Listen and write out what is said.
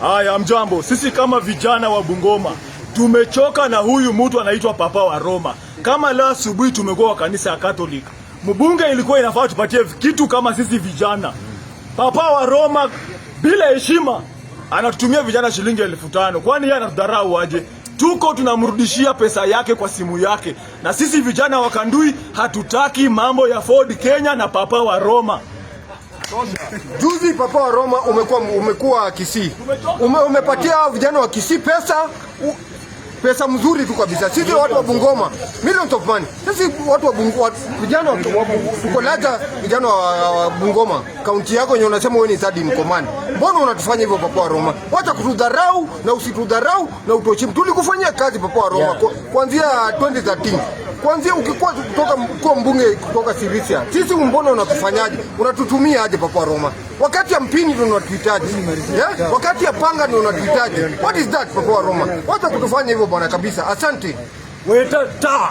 Haya, mjambo. Sisi kama vijana wa Bungoma tumechoka na huyu mtu anaitwa Papa wa Roma. Kama leo asubuhi tumekuwa wa kanisa ya Catholic, mbunge ilikuwa inafaa tupatie kitu kama sisi vijana. Papa wa Roma bila heshima anatutumia vijana shilingi elfu tano. Kwani yeye anatudharau aje? tuko tunamrudishia pesa yake kwa simu yake. Na sisi vijana wa Kandui hatutaki mambo ya Ford Kenya na papa wa Roma. Juzi papa wa Roma umekuwa umekuwa Kisii, umepatia vijana wa Kisii pesa u pesa mzuri tu kabisa. Sisi watu wa Bungoma, millions of money. Sisi watu wa Bungoma, vijana tuko laja, vijana wa Bungoma, kaunti yako yenye unasema wewe ni third in command, mbona unatufanya hivyo papa wa Roma? Wacha kutudharau na usitudharau na utochim, tulikufanyia kazi papa wa Roma kuanzia 2013 kwanza ukikwaje kutoka kwa mbunge kutoka Sirisia, sisi mbona unatufanyaje? Unatutumia aje papa Roma? Wakati ya mpini ndio unatuhitaji. Yeah? Wakati ya panga ndio unatuhitaji. What is that papa Roma? Wacha kutufanya hivyo bwana kabisa. Asante. Weta ta.